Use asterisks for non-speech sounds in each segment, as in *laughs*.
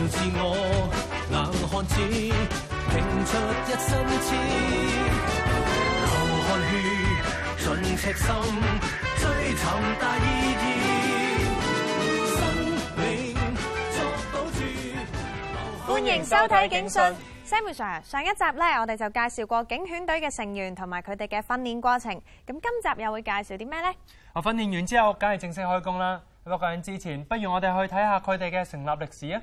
歡迎收睇《警訊》。s a m u e 上一集咧，我哋就介紹過警犬隊嘅成員同埋佢哋嘅訓練過程。咁今集又會介紹啲咩咧？我訓練完之後，梗係正式開工啦。不過咁之前，不如我哋去睇下佢哋嘅成立歷史啊！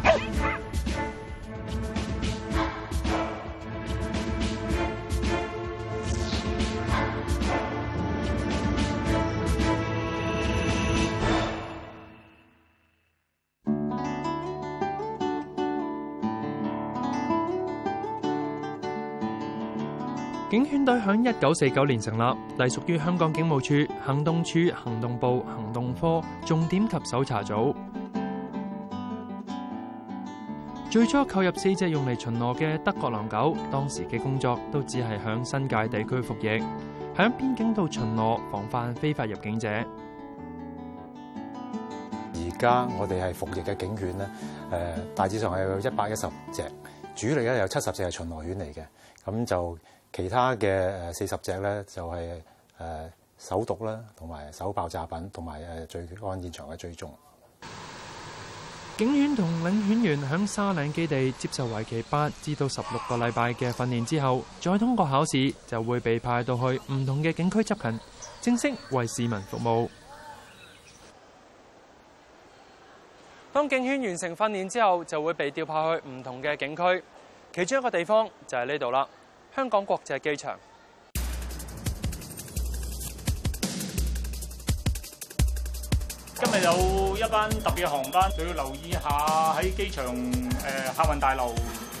警犬隊響一九四九年成立，隸屬於香港警務處行動處行動部行動科重點及搜查組。最初購入四隻用嚟巡邏嘅德國狼狗，當時嘅工作都只係響新界地區服役，響邊境度巡邏，防範非法入境者。而家我哋係服役嘅警犬呢，誒，大致上係有一百一十隻，主力咧，有七十隻係巡邏犬嚟嘅，咁就。其他嘅四十隻就係搜毒啦，同埋搜爆炸品，同埋誒罪案現場嘅追蹤警犬。同領犬員喺沙嶺基地接受為期八至到十六個禮拜嘅訓練之後，再通過考試就會被派到去唔同嘅警區執勤，正式為市民服務。當警犬完成訓練之後，就會被調派去唔同嘅警區，其中一個地方就喺呢度啦。香港國際機場今日有一班特別航班，就要留意一下喺機場，呃、客運大樓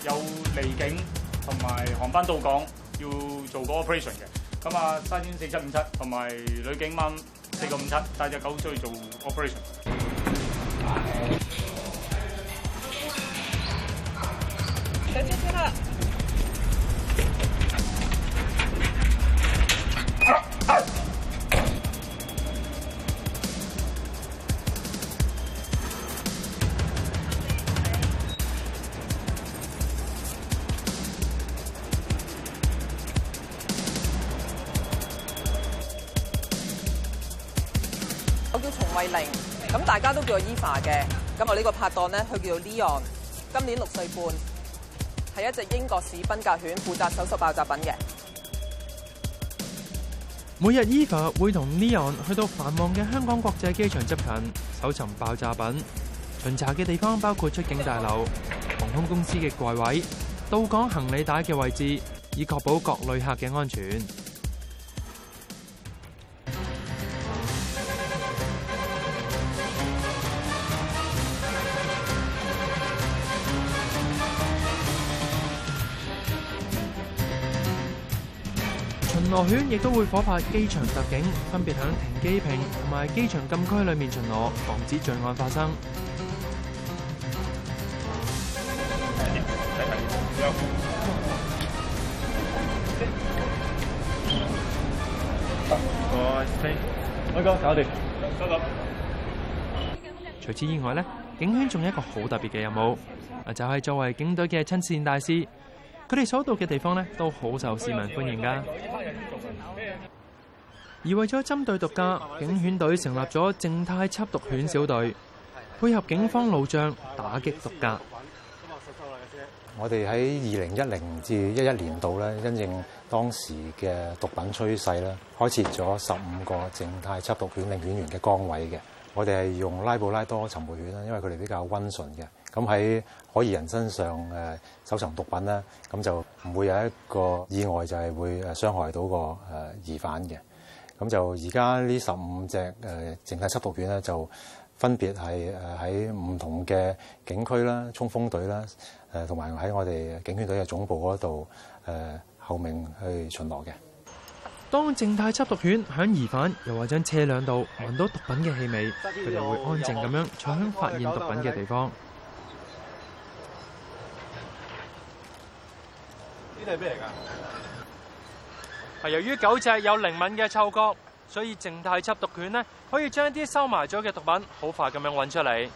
有離境同埋航班到港要做個 operation 嘅。咁啊，沙展四七五七同埋女警蚊四個五七帶隻狗出去做 operation。啊咁大家都叫伊 Eva 嘅，咁我呢個拍檔呢，佢叫 Leon，今年六歲半，係一隻英國史賓格犬，負責搜索爆炸品嘅。每日 Eva 會同 Leon 去到繁忙嘅香港國際機場執勤，搜尋爆炸品，巡查嘅地方包括出境大樓、航空公司嘅櫃位、到港行李帶嘅位置，以確保各旅客嘅安全。巡邏犬亦都會火拍機場特警，分別響停機坪同埋機場禁區裏面巡邏，防止罪案發生。一、嗯、二、嗯、三、嗯、哥、嗯嗯嗯、搞掂，收除此之外警犬仲有一個好特別嘅任務，就係、是、作為警隊嘅親善大使。佢哋所到嘅地方呢，都好受市民歡迎噶。而為咗針對毒駕，警犬隊成立咗靜態緝毒犬小隊，配合警方路障打擊毒駕。我哋喺二零一零至一一年度呢，因應當時嘅毒品趨勢咧，開設咗十五個靜態緝毒犬領犬員嘅崗位嘅。我哋係用拉布拉多尋回犬啦，因為佢哋比較溫順嘅。咁喺可疑人身上誒收藏毒品啦，咁就唔會有一個意外，就係會傷害到個誒疑犯嘅。咁就而家呢十五隻誒靜態緝毒犬咧，就分別係喺唔同嘅警區啦、衝鋒隊啦，同埋喺我哋警犬隊嘅總部嗰度誒，候命去巡邏嘅。當靜態緝毒犬響疑犯又或者車輛度聞到毒品嘅氣味，佢就會安靜咁樣坐響發現毒品嘅地方。呢啲係咩嚟噶？係由於狗隻有靈敏嘅嗅覺，所以靜態緝毒犬呢可以將啲收埋咗嘅毒品好快咁樣揾出嚟。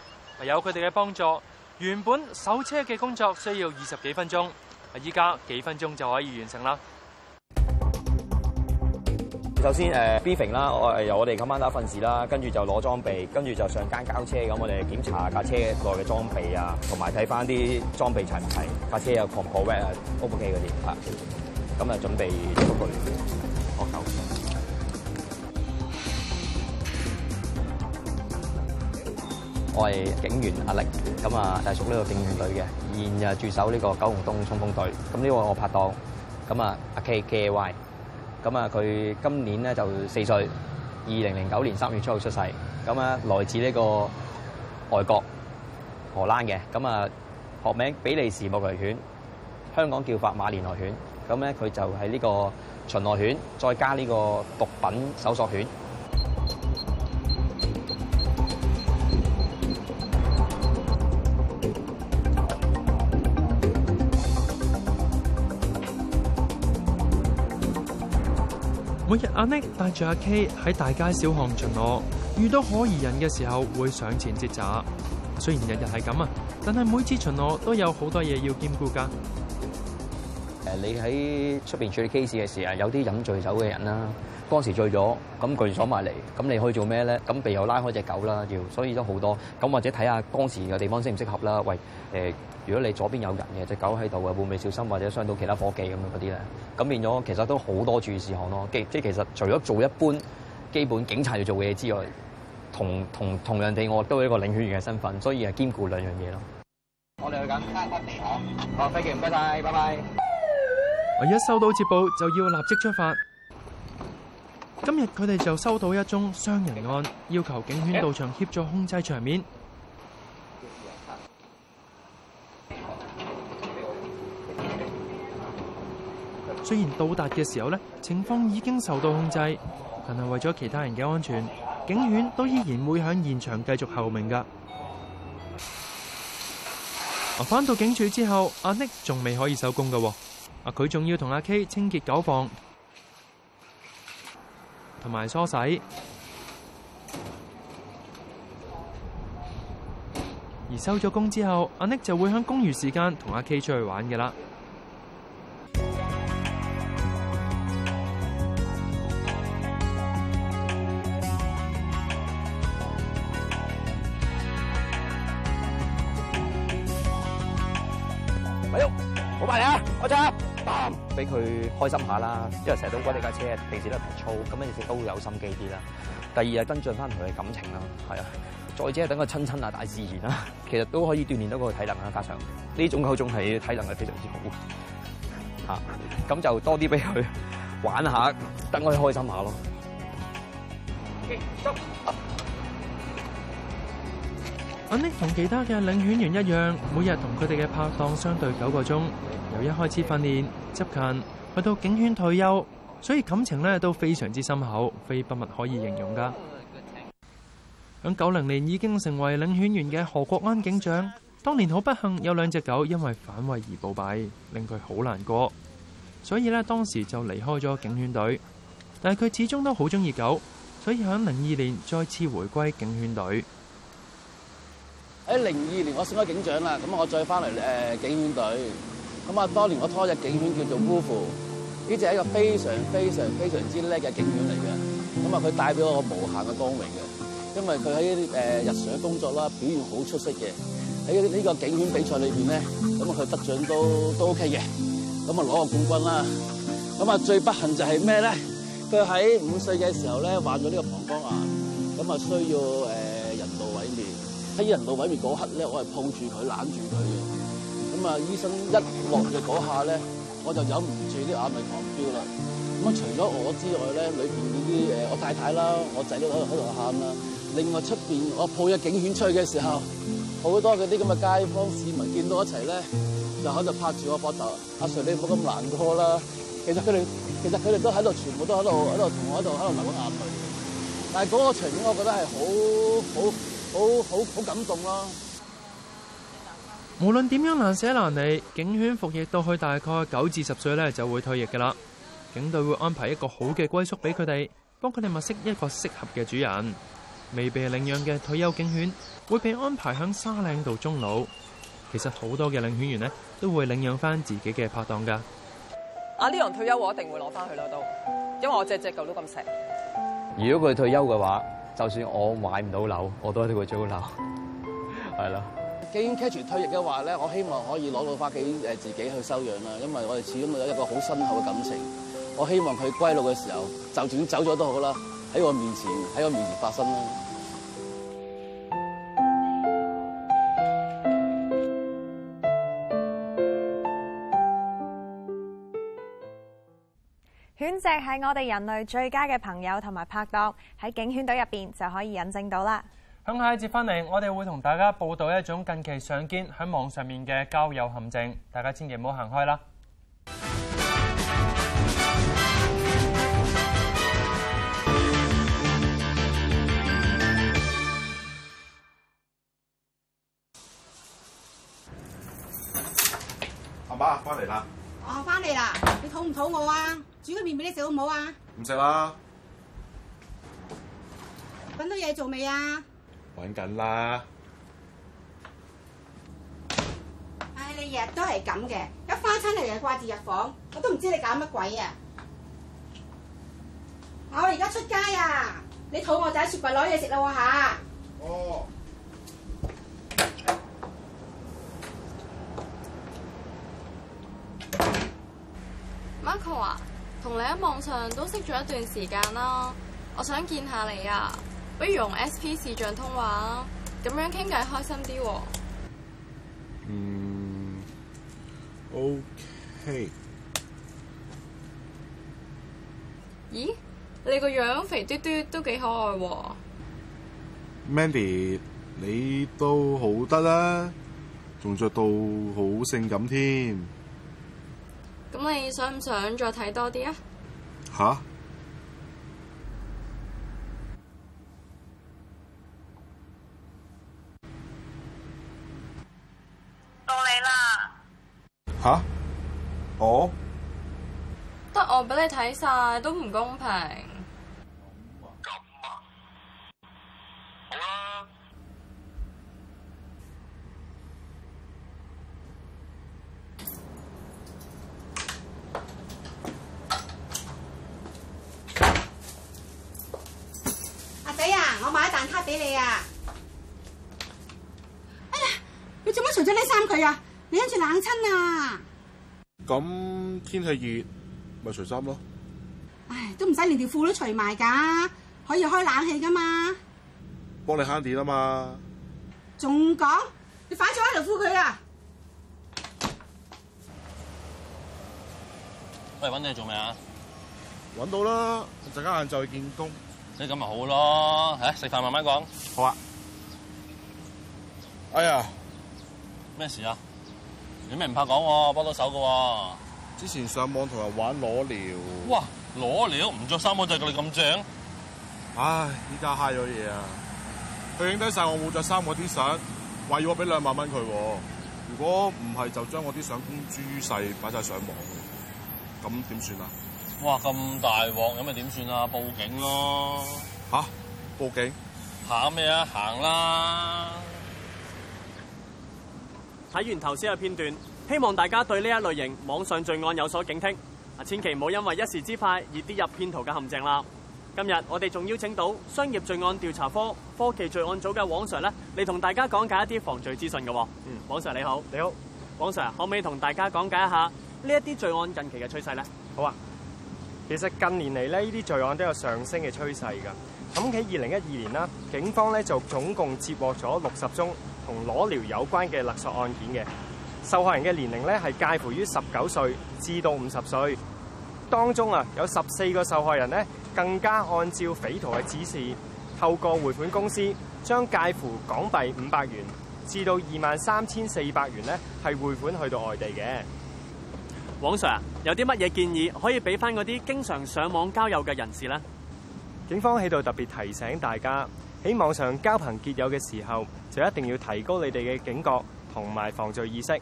有佢哋嘅幫助，原本搜車嘅工作需要二十幾分鐘，依家幾分鐘就可以完成啦。首先誒 briefing 啦，我、呃、由我哋今晚打訓士啦，跟住就攞裝備，跟住就上間交車咁，我哋檢查架車內嘅裝備啊，同埋睇返啲裝備齊唔齊，架車有唔有 cover？OK 嗰啲咁就準備咗個聯聯。我係警員阿力，咁啊，係屬呢個警員隊嘅，現住駐守呢個九龍東衝鋒隊，咁呢個我拍檔，咁啊，阿 K K Y。咁啊，佢今年咧就四歲，二零零九年三月初號出世。咁啊，來自呢個外國荷蘭嘅，咁啊學名比利時牧羊犬，香港叫法馬連來犬。咁咧，佢就係呢個巡邏犬，再加呢個毒品搜索犬。每日阿 Nick 帶住阿 K 喺大街小巷巡邏，遇到可疑人嘅時候會上前截查。雖然日日係咁啊，但係每次巡邏都有好多嘢要兼顧噶。誒，你喺出面處理 case 嘅時候，有啲飲醉酒嘅人啦。當時醉咗，咁據咗埋嚟，咁你可以做咩咧？咁被又拉開隻狗啦，要所以都好多。咁或者睇下當時嘅地方適唔適合啦。喂、呃，如果你左邊有人嘅，隻狗喺度會唔會小心，或者傷到其他夥計咁樣嗰啲咧？咁變咗其實都好多注意事項咯。即即係其實除咗做一般基本警察要做嘅嘢之外，同同同樣地，我都有一個領犬員嘅身份，所以係兼顧兩樣嘢咯。我哋去緊卡發地殼，好，飛機唔該晒，拜拜。一收到接報就要立即出發。今日佢哋就收到一宗傷人案，要求警犬到場協助控制場面。雖然到達嘅時候呢，情況已經受到控制，但係為咗其他人嘅安全，警犬都依然會響現場繼續候命噶。返到警署之後，阿 Nick 仲未可以收工噶，阿佢仲要同阿 K 清潔狗房。同埋梳洗，而收咗工之後，阿叻就會響公餘時間同阿 K 出去玩嘅啦。去開心下啦，因為成日都駕呢架車，平時都 Patrol 咁樣，亦都會有心機啲啦。第二啊，增進翻佢嘅感情啦，係啊。再者係等佢親親啊，大自然啦，其實都可以鍛鍊到嗰個體能啊。加上呢種狗種係體能係非常之好嘅，咁就多啲俾佢玩下，等佢開心下咯。OK，得。同其他嘅領犬員一樣，每日同佢哋嘅拍檔相對九個鐘，由一開始訓練。執勤去到警犬退休，所以感情咧都非常之深厚，非筆墨可以形容噶。響九零年已經成為領犬員嘅何國安警長，當年好不幸有兩隻狗因為反胃而暴斃，令佢好難過。所以呢，當時就離開咗警犬隊，但係佢始終都好中意狗，所以響零二年再次回歸警犬隊。喺零二年我升咗警長啦，咁我再翻嚟誒警犬隊。咁啊，當年我拖隻警犬叫做姑父，呢隻係一個非常非常非常之叻嘅警犬嚟嘅。咁啊，佢帶俾我無限嘅光榮嘅，因為佢喺誒日常嘅工作啦，表現好出色嘅。喺呢個警犬比賽裏邊咧，咁啊，佢得獎都都 OK 嘅。咁啊，攞個冠軍啦。咁啊，最不幸就係咩咧？佢喺五歲嘅時候咧患咗呢個膀胱癌，咁啊，需要誒人道毀滅。喺人道毀滅嗰刻咧，我係抱住佢攬住佢嘅。啊！醫生一落嘅嗰下咧，我就忍唔住啲眼淚狂飆啦。咁啊，除咗我之外咧，裏邊呢啲誒我太太啦，我仔都喺度喺度喊啦。另外出邊我抱隻警犬出去嘅時候，好多嗰啲咁嘅街坊市民見到一齊咧，就喺度拍住我膊頭：阿 Sir，你唔好咁難過啦。其實佢哋其實佢哋都喺度，全部都喺度喺度同我喺度喺度流緊眼淚。但係嗰個場面，我覺得係好好好好好感動咯。無論點樣難捨難離，警犬服役到去大概九至十歲咧，就會退役噶啦。警隊會安排一個好嘅歸宿俾佢哋，幫佢哋物色一個適合嘅主人。未被領養嘅退休警犬會被安排響沙嶺度終老。其實好多嘅領犬員呢都會領養翻自己嘅拍檔噶。啊，呢樣退休我一定會攞翻去咯，都因為我只隻狗都咁錫。如果佢退休嘅話，就算我買唔到樓，我都一定會租樓，係 *laughs* 啦。既然 Catch 住退役嘅話咧，我希望可以攞到返屋企自己去收養啦，因為我哋始終都有一個好深厚嘅感情。我希望佢歸老嘅時候，就算走咗都好啦，喺我面前，喺我面前發生啦。犬隻係我哋人類最佳嘅朋友同埋拍檔，喺警犬隊入邊就可以引證到啦。喺下一節翻嚟，我哋會同大家報道一種近期上肩喺網上面嘅交友陷阱，大家千祈唔好行開啦！阿媽，翻嚟啦！哦、啊，翻嚟啦！你肚唔肚餓啊？煮個麵俾你食好唔好啊？唔食啦！搵到嘢做未啊？玩緊啦、哎！唉，你日日都係咁嘅，一翻餐嚟就掛住入房，我都唔知你搞乜鬼啊！我而家出街啊！你肚餓就喺雪櫃攞嘢食啦喎嚇！哦。Marco 啊，同、oh. 你喺網上都識咗一段時間啦，我想見下你啊！不如用 S P 視像通話啊，咁樣傾偈開心啲。嗯，OK。咦，你個樣肥嘟嘟都幾可愛喎。Mandy，你都好得啦，仲着到好性感添。咁你想唔想再睇多啲啊？吓？嚇！我得我俾你睇晒都唔公平。咁天氣熱，咪除衫咯。唉，都唔使連條褲都除埋噶，可以開冷氣噶嘛。幫你慳電啊嘛。仲講？你反咗喺度佢啊！喂，揾你做咩啊？揾到啦，陣間晏晝去見工。你咁咪好咯，唉，食飯慢慢講。好啊。哎呀，咩事啊？你咪唔怕講喎，幫到手噶喎、啊。之前上網同人玩裸聊。哇，裸聊唔着衫我就叫你咁正。唉，依家嗨咗嘢啊！佢影低晒我冇着衫嗰啲相，話要我俾兩萬蚊佢。如果唔係，就將我啲相公諸於世，擺晒上網。咁點算啊？哇，咁大鑊，咁咪點算啊？報警咯。吓？報警？行咩啊？行啦。睇完頭先嘅片段，希望大家對呢一類型網上罪案有所警惕，啊，千祈唔好因為一時之快而跌入騙徒嘅陷阱啦。今日我哋仲邀請到商業罪案調查科科技罪案組嘅王 Sir 咧，嚟同大家講解一啲防罪資訊嘅。嗯，王 Sir 你好，你好，王 Sir，可唔可以同大家講解一下呢一啲罪案近期嘅趨勢咧？好啊，其實近年嚟咧，呢啲罪案都有上升嘅趨勢㗎。咁喺二零一二年啦，警方咧就總共接獲咗六十宗。同裸聊有關嘅勒索案件嘅受害人嘅年齡咧係介乎於十九歲至到五十歲，當中啊有十四個受害人咧更加按照匪徒嘅指示，透過匯款公司將介乎港幣五百元至到二萬三千四百元咧係匯款去到外地嘅。王 Sir 有啲乜嘢建議可以俾翻嗰啲經常上網交友嘅人士呢？警方喺度特別提醒大家，喺網上交朋結友嘅時候，就一定要提高你哋嘅警覺同埋防罪意識。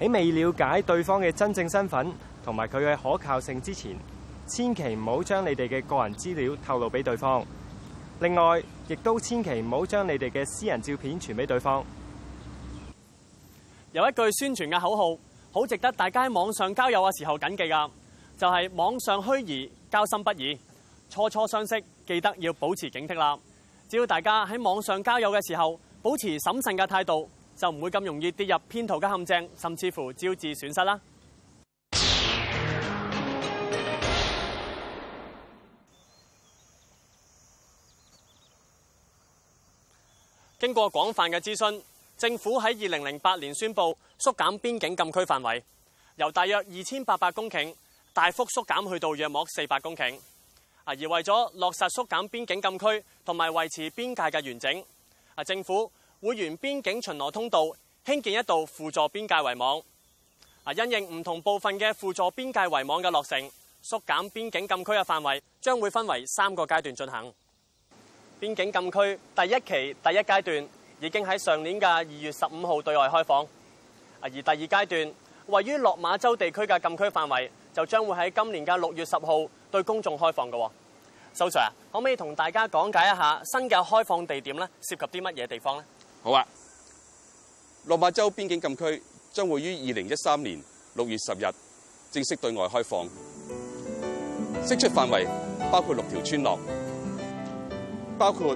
喺未了解對方嘅真正身份同埋佢嘅可靠性之前，千祈唔好將你哋嘅個人資料透露俾對方。另外，亦都千祈唔好將你哋嘅私人照片傳俾對方。有一句宣傳嘅口號，好值得大家喺網上交友嘅時候謹記㗎，就係網上虛擬，交心不易，初初相識，記得要保持警惕啦。只要大家喺網上交友嘅時候保持審慎嘅態度，就唔會咁容易跌入騙徒嘅陷阱，甚至乎招致損失啦。經過廣泛嘅諮詢，政府喺二零零八年宣布縮減邊境禁區範圍，由大約二千八百公頃大幅縮減去到約莫四百公頃。而為咗落實縮減邊境禁區同埋維持邊界嘅完整，啊，政府會沿邊境巡邏通道興建一道輔助邊界圍網。啊，因應唔同部分嘅輔助邊界圍網嘅落成，縮減邊境禁區嘅範圍將會分為三個階段進行。邊境禁區第一期第一階段已經喺上年嘅二月十五號對外開放，而第二階段位於落馬洲地區嘅禁區範圍就將會喺今年嘅六月十號對公眾開放嘅。修 Sir，可唔可以同大家講解一下新嘅開放地點咧，涉及啲乜嘢地方咧？好啊，落馬洲邊境禁區將會於二零一三年六月十日正式對外開放。釋出範圍包括六條村落，包括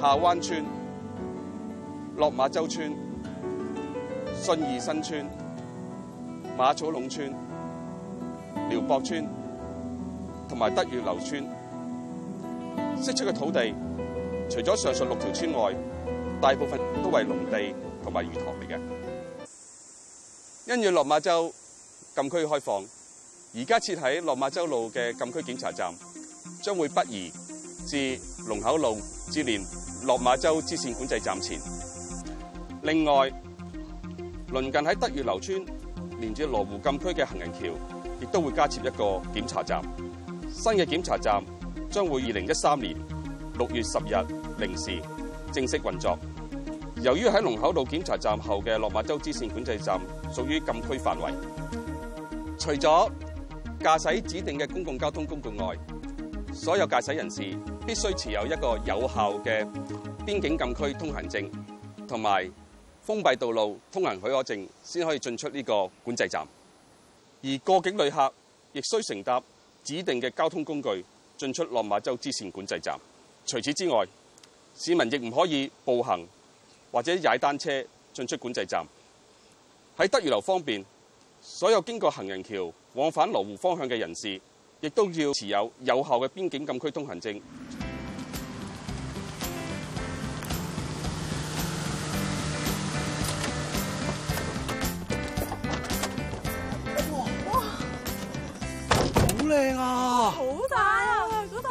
下灣村、落馬洲村、信義新村、馬草壟村、寮博村。同埋德裕樓村釋出嘅土地，除咗上述六條村外，大部分都係農地同埋魚塘嚟嘅。因應落馬洲禁區開放，而家設喺落馬洲路嘅禁區檢查站，將會不宜至龍口路至連落馬洲支線管制站前。另外，鄰近喺德裕樓村連住羅湖禁區嘅行人橋，亦都會加設一個檢查站。新嘅檢查站將會二零一三年六月十日零時正式運作。由於喺龍口路檢查站後嘅落馬洲支線管制站屬於禁區範圍，除咗駕駛指定嘅公共交通工具外，所有駕駛人士必須持有一個有效嘅邊境禁區通行證同埋封閉道路通行許可證，先可以進出呢個管制站。而過境旅客亦須乘搭。指定嘅交通工具進出落馬洲支線管制站。除此之外，市民亦唔可以步行或者踩單車進出管制站。喺得月樓方面，所有經過行人橋往返羅湖方向嘅人士，亦都要持有有效嘅邊境禁區通行證。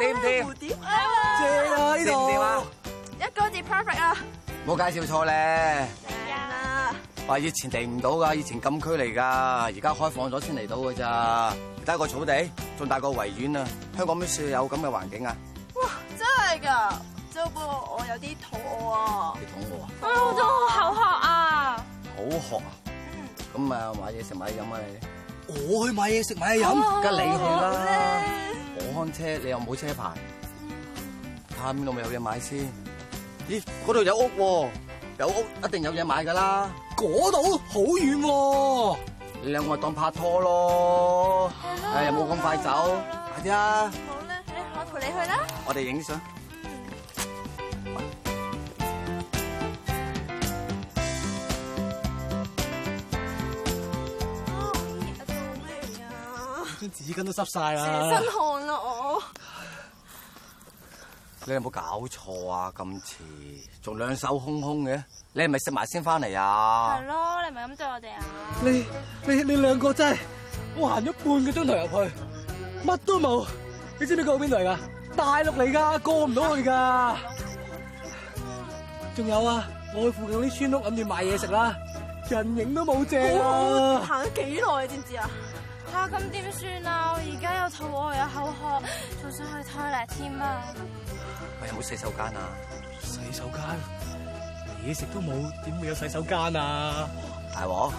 點點？正喺度，點啊，行行啊行行？一個字 perfect 啊！冇介紹錯咧。驚啊！我以前嚟唔到噶，以前禁區嚟噶，而家開放咗先嚟到噶咋？大個草地，仲大個圍院啊！香港邊處有咁嘅環境啊？哇，真係噶！只不過我有啲肚餓啊。肚餓啊？我真好、啊、好口渴啊！好渴啊？嗯。咁咪買嘢食買嘢飲啊你？我去買嘢食買嘢飲，梗係你去啦。我冇車，你又冇車牌，下邊度咪有嘢買先？咦、欸，嗰度有屋、啊、有屋，有屋一定有嘢買噶啦！嗰度好遠，你兩個當拍拖咯，唉，又冇咁快好走，好好快啲啊！好啦，我陪你去啦，我哋影相。紙巾都濕晒啦，成身汗啦，我你有有、啊，凶凶。你有冇搞錯啊？咁遲仲兩手空空嘅，你係咪食埋先翻嚟啊？係咯，你係咪咁對我哋啊？你你你兩個真係，我行咗半個鐘頭入去，乜都冇。你知唔知過邊度嚟噶？大陸嚟噶，過唔到去噶。仲 *laughs* 有啊，我去附近啲村屋諗住買嘢食啦，人影都冇，正啊！行咗幾耐，知唔知啊？吓，咁點算啊！我而家有肚餓又口渴，仲想去トイレ添啊！我有冇洗手間啊？洗手間？嘢食都冇，點會有洗手間啊？大鑊，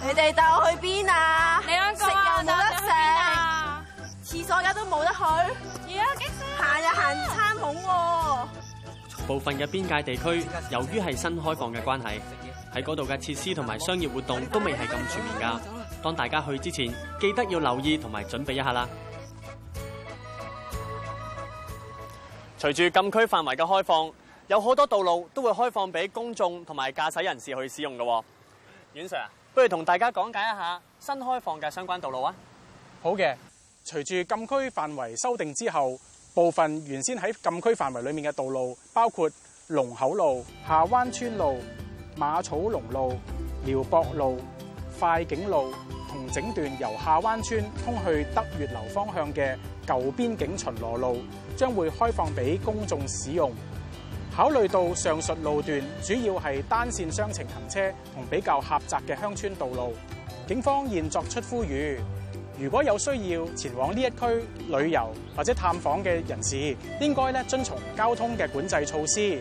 你哋帶我去邊啊？你兩個冇得食啊？廁所而家都冇得去，而家行又行餐，窿喎。部分嘅邊界地區，由於係新開放嘅關係，喺嗰度嘅設施同埋商業活動都未係咁全面噶。當大家去之前，記得要留意同埋準備一下啦。隨住禁區範圍嘅開放，有好多道路都會開放俾公眾同埋駕駛人士去使用嘅。阮 Sir，不如同大家講解一下新開放嘅相關道路啊。好嘅，隨住禁區範圍修訂之後，部分原先喺禁區範圍裏面嘅道路，包括龍口路、下灣村路、馬草龍路、遼博路、快景路。同整段由下灣村通去德月樓方向嘅舊邊境巡邏路，將會開放俾公眾使用。考慮到上述路段主要係單線雙程行車同比較狹窄嘅鄉村道路，警方現作出呼籲：如果有需要前往呢一區旅遊或者探訪嘅人士，應該咧遵從交通嘅管制措施，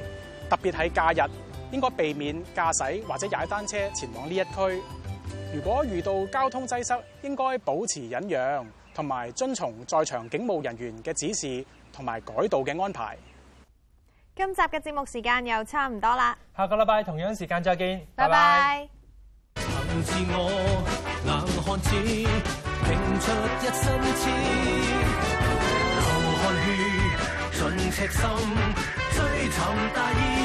特別喺假日應該避免駕駛或者踩單車前往呢一區。如果遇到交通擠塞，應該保持忍讓同埋遵從在場警務人員嘅指示同埋改道嘅安排。今集嘅節目時間又差唔多啦，下個禮拜同樣時間再見，拜拜。Bye bye